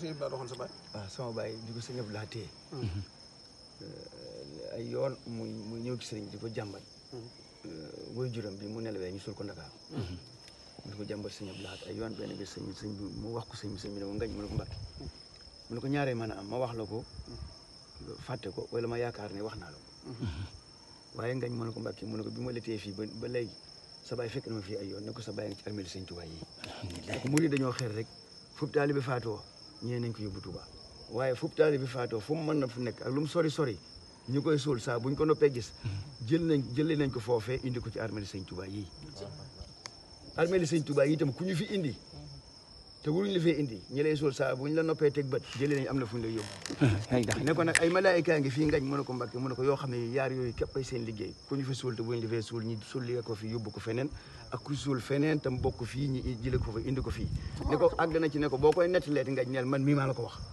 sëñ sa baay. waaw ah, sama baay di ko sëñ Abdoulaye eh, ay yoon muy muy ñëw ci sëriñ di ko jàmbat. mooy eh, juróom bi mu nelawee ñu suul ko Ndakaaru. mu mhm. ko jàmbat sëñ Abdoulaye ay yoon benn bi sëñ sëñ bi wax ko sëñ bi sëñ bi ne ko mu ne ko mbàkki. mu ko ñaaree mën a am ma wax la ko. fàtte ko wala ma yaakaar ne wax naa la ko. Mhm. waaye ngañ mu ne ko mbàkki mu ne ko bi ma la fii ba ba léegi sa baay na ma fii ay yoon ne ko sa baay nga ci armeel sëñ Tuubaa yi. alhamdulilah mu dañoo xeer rek. foofu taalibe faatoo ñee nañ ko yóbbu Touba waaye fu taali bi faatoo fu mu mën na fu nekk ak lu mu sori sori ñu ko suul saa buñ ko noppee gis mhm. jël nañ jëlee nañ ko foofee indi ko ci armée li sëñ Touba yii armée li yi itam ku ñu fi indi te waruñu la fee indi ñi lay suul saa buñ noppee teg bët jëlee nañ am na fu ñu lay ay malaayika ngi fii ngañ mu ne ko mbàkke ko yoo xam ne yaar yooyu képp ay seen liggéey ku ñu fa suul te ko fi yóbbu ko feneen ak ku suul feneen tam bokk fii ñi jële ko fa indi ko fii ne ko àgg na ci ne ko boo koy nettaleet ngañ neel man mii maa la ko wax